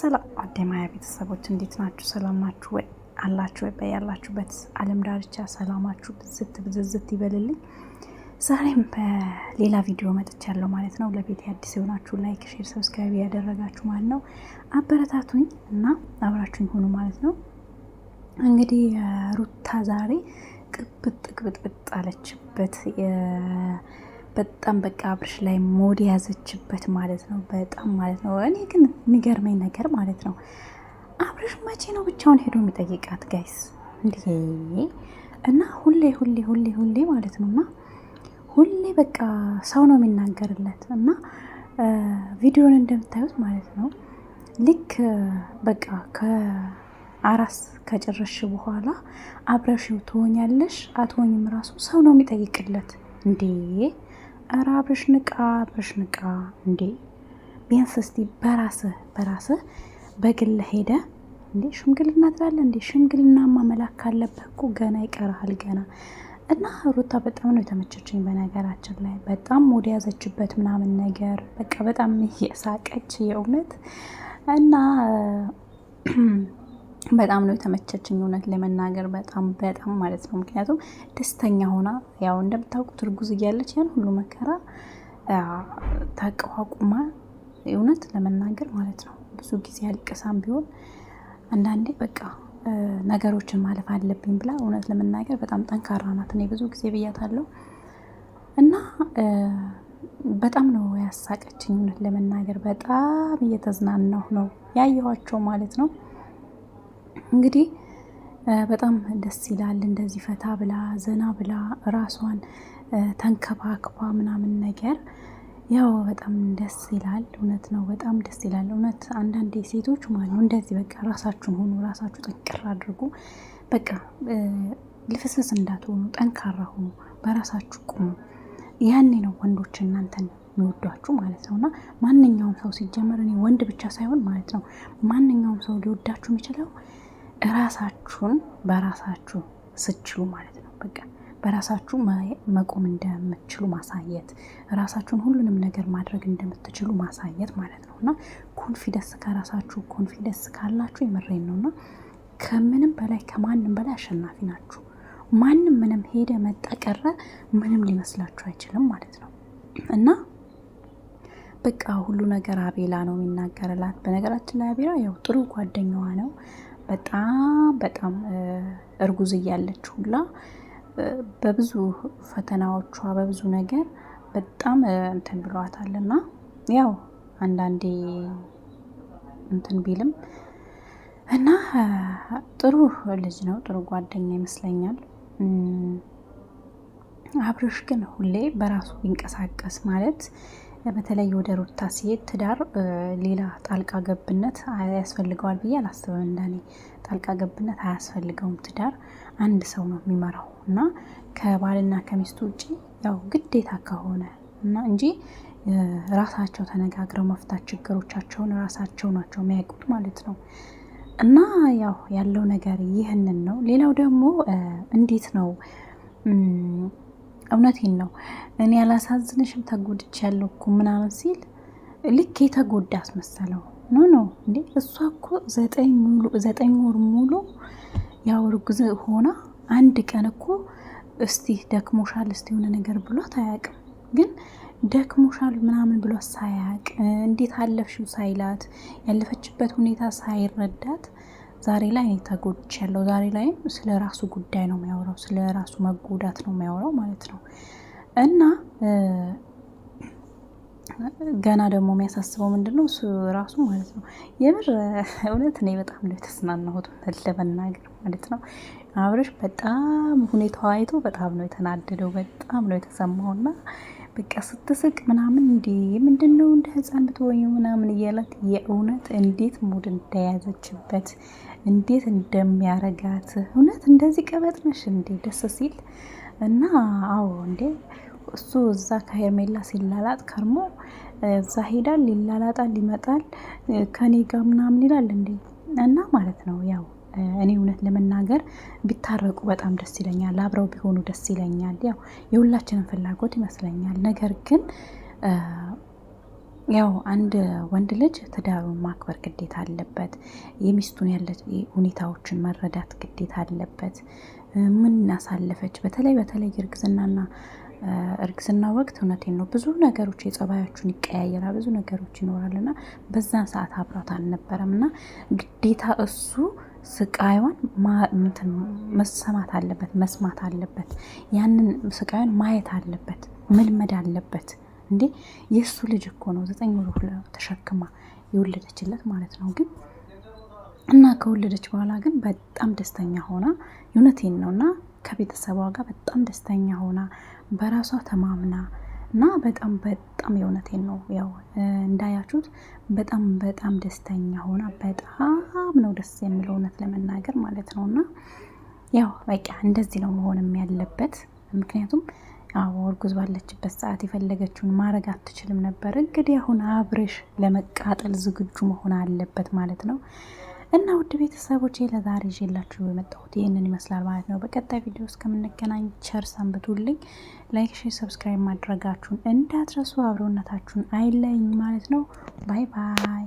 ሰላም አደማያ ቤተሰቦች እንዴት ናችሁ? ሰላም ናችሁ ወይ? አላችሁ ወይ? በያላችሁበት አለም ዳርቻ ሰላማችሁ ብዝት ብዝዝት ይበልልኝ። ዛሬም በሌላ ቪዲዮ መጥቻለሁ ማለት ነው። ለቤት አዲስ የሆናችሁ ላይክ፣ ሼር፣ ሰብስክራይብ ያደረጋችሁ ማለት ነው። አበረታቱኝ እና አብራችሁኝ ሆኑ ማለት ነው። እንግዲህ ሩታ ዛሬ ቅብጥ ቅብጥ ብጥ አለችበት በጣም በቃ አብርሽ ላይ ሞድ ያዘችበት ማለት ነው። በጣም ማለት ነው። እኔ ግን የሚገርመኝ ነገር ማለት ነው አብርሽ መቼ ነው ብቻውን ሄዶ የሚጠይቃት ጋይስ? እንዴ! እና ሁሌ ሁሌ ሁሌ ሁሌ ማለት ነው እና ሁሌ በቃ ሰው ነው የሚናገርለት እና ቪዲዮን እንደምታዩት ማለት ነው ልክ በቃ ከአራስ ከጨረሽ በኋላ አብረሽው ትሆኛለሽ አትሆኝም ራሱ ሰው ነው የሚጠይቅለት እንዴ ኧረ አብርሽ ንቃ፣ አብርሽ ንቃ እንዴ! ቢያንስ እስቲ በራስህ በራስህ በግል ሄደ እንዴ ሽምግልና ትላለህ እንዴ? ሽምግልናማ መላክ ካለብህ እኮ ገና ይቀርሃል ገና እና ሩታ በጣም ነው የተመቸችኝ። በነገራችን ላይ በጣም ወደ ያዘችበት ምናምን ነገር በቃ በጣም የሳቀች የእውነት እና በጣም ነው የተመቸችኝ እውነት ለመናገር በጣም በጣም ማለት ነው። ምክንያቱም ደስተኛ ሆና ያው እንደምታውቁት እርጉዝ እያለች ያን ሁሉ መከራ ተቋቁማ እውነት ለመናገር ማለት ነው ብዙ ጊዜ አልቅሳም ቢሆን አንዳንዴ በቃ ነገሮችን ማለፍ አለብኝ ብላ እውነት ለመናገር በጣም ጠንካራ ናት። እኔ ብዙ ጊዜ ብያታለሁ እና በጣም ነው ያሳቀችኝ እውነት ለመናገር በጣም እየተዝናናሁ ነው ያየኋቸው ማለት ነው። እንግዲህ በጣም ደስ ይላል። እንደዚህ ፈታ ብላ ዘና ብላ ራሷን ተንከባክባ ምናምን ነገር ያው በጣም ደስ ይላል። እውነት ነው፣ በጣም ደስ ይላል። እውነት አንዳንዴ ሴቶች ማለት ነው እንደዚህ በቃ ራሳችሁን ሆኑ፣ ራሳችሁ ጠንቅር አድርጉ። በቃ ልፍስፍስ እንዳትሆኑ፣ ጠንካራ ሆኑ፣ በራሳችሁ ቁሙ። ያኔ ነው ወንዶች እናንተን የሚወዷችሁ ማለት ነው። እና ማንኛውም ሰው ሲጀመር እኔ ወንድ ብቻ ሳይሆን ማለት ነው ማንኛውም ሰው ሊወዳችሁ የሚችለው እራሳችሁን በራሳችሁ ስችሉ ማለት ነው። በቃ በራሳችሁ መቆም እንደምትችሉ ማሳየት፣ ራሳችሁን ሁሉንም ነገር ማድረግ እንደምትችሉ ማሳየት ማለት ነው እና ኮንፊደንስ ከራሳችሁ ኮንፊደንስ ካላችሁ የምሬን ነው እና ከምንም በላይ ከማንም በላይ አሸናፊ ናችሁ። ማንም ምንም ሄደ መጣ ቀረ ምንም ሊመስላችሁ አይችልም ማለት ነው እና በቃ ሁሉ ነገር አቤላ ነው የሚናገርላት። በነገራችን ላይ አቤላ ያው ጥሩ ጓደኛዋ ነው። በጣም በጣም እርጉዝ እያለች ሁላ በብዙ ፈተናዎቿ በብዙ ነገር በጣም እንትን ብሏታል እና ያው አንዳንዴ እንትን ቢልም እና ጥሩ ልጅ ነው፣ ጥሩ ጓደኛ ይመስለኛል። አብርሽ ግን ሁሌ በራሱ ቢንቀሳቀስ ማለት በተለይ ወደ ሩታ ሲሄድ ትዳር ሌላ ጣልቃ ገብነት ያስፈልገዋል ብዬ አላስበም። እንደኔ ጣልቃ ገብነት አያስፈልገውም። ትዳር አንድ ሰው ነው የሚመራው እና ከባልና ከሚስቱ ውጭ ያው ግዴታ ከሆነ እና እንጂ ራሳቸው ተነጋግረው መፍታት ችግሮቻቸውን ራሳቸው ናቸው የሚያውቁት ማለት ነው። እና ያው ያለው ነገር ይህንን ነው። ሌላው ደግሞ እንዴት ነው እውነቴን ነው። እኔ ያላሳዝንሽም ተጎድች ያለው እኮ ምናምን ሲል ልክ የተጎዳ አስመሰለው። ኖ ኖ እንዴ እሷ እኮ ዘጠኝ ወር ሙሉ ያው ርጉዝ ሆና አንድ ቀን እኮ እስቲ ደክሞሻል እስቲ የሆነ ነገር ብሏት አያውቅም። ግን ደክሞሻል ምናምን ብሏት ሳያውቅ እንዴት አለፍሽው ሳይላት ያለፈችበት ሁኔታ ሳይረዳት ዛሬ ላይ እኔ ተጎድቼ ያለው ዛሬ ላይም ስለ ራሱ ጉዳይ ነው የሚያወራው፣ ስለ ራሱ መጎዳት ነው የሚያወራው ማለት ነው። እና ገና ደግሞ የሚያሳስበው ምንድን ነው እሱ ራሱ ማለት ነው። የምር እውነት እኔ በጣም ነው የተዝናናሁት ለመናገር ማለት ነው። አብረሽ በጣም ሁኔታው አይቶ በጣም ነው የተናደደው፣ በጣም ነው የተሰማውና በቃ ስትስቅ ምናምን እንዴ ምንድን ነው እንደ ህፃን ብትሆኝ ምናምን እያላት የእውነት እንዴት ሙድ እንደያዘችበት እንዴት እንደሚያረጋት እውነት እንደዚህ ቀበጥ ነሽ እንዴ ደስ ሲል እና አዎ እንዴ እሱ እዛ ከሄርሜላ ሲላላጥ ከርሞ እዛ ሄዳል ይላላጣል ይመጣል ከኔ ጋር ምናምን ይላል እንዴ እና ማለት ነው ያው እኔ እውነት ለመናገር ቢታረቁ በጣም ደስ ይለኛል። አብረው ቢሆኑ ደስ ይለኛል። ያው የሁላችንም ፍላጎት ይመስለኛል። ነገር ግን ያው አንድ ወንድ ልጅ ትዳሩን ማክበር ግዴታ አለበት። የሚስቱን ያለ ሁኔታዎችን መረዳት ግዴታ አለበት። ምን አሳለፈች? በተለይ በተለይ እርግዝናና እርግዝና ወቅት እውነቴን ነው ብዙ ነገሮች የጸባያችን ይቀያየራል፣ ብዙ ነገሮች ይኖራልና በዛን ሰዓት አብራት አልነበረም እና ግዴታ እሱ ስቃዩን መሰማት አለበት፣ መስማት አለበት። ያንን ስቃዩን ማየት አለበት፣ መልመድ አለበት። እንዴ የእሱ ልጅ እኮ ነው ዘጠኝ ወር ተሸክማ የወለደችለት ማለት ነው። ግን እና ከወለደች በኋላ ግን በጣም ደስተኛ ሆና የእውነቴን ነው እና ከቤተሰቧ ጋር በጣም ደስተኛ ሆና በራሷ ተማምና እና በጣም በጣም የእውነቴን ነው ያው እንዳያችሁት በጣም በጣም ደስተኛ ሆና በጣም ነው ደስ የሚለው እውነት ለመናገር ማለት ነው። እና ያው በቃ እንደዚህ ነው መሆንም ያለበት። ምክንያቱም አዎ እርጉዝ ባለችበት ሰዓት የፈለገችውን ማድረግ አትችልም ነበር። እንግዲህ አሁን አብርሽ ለመቃጠል ዝግጁ መሆን አለበት ማለት ነው። እና ውድ ቤተሰቦቼ ለዛሬ ይዤላችሁ የመጣሁት ይህንን ይመስላል ማለት ነው። በቀጣይ ቪዲዮ እስከምንገናኝ ቸር ሰንብቱልኝ። ላይክ፣ ሼር፣ ሰብስክራይብ ማድረጋችሁን እንዳትረሱ። አብሮነታችሁን አይለኝ ማለት ነው። ባይ ባይ።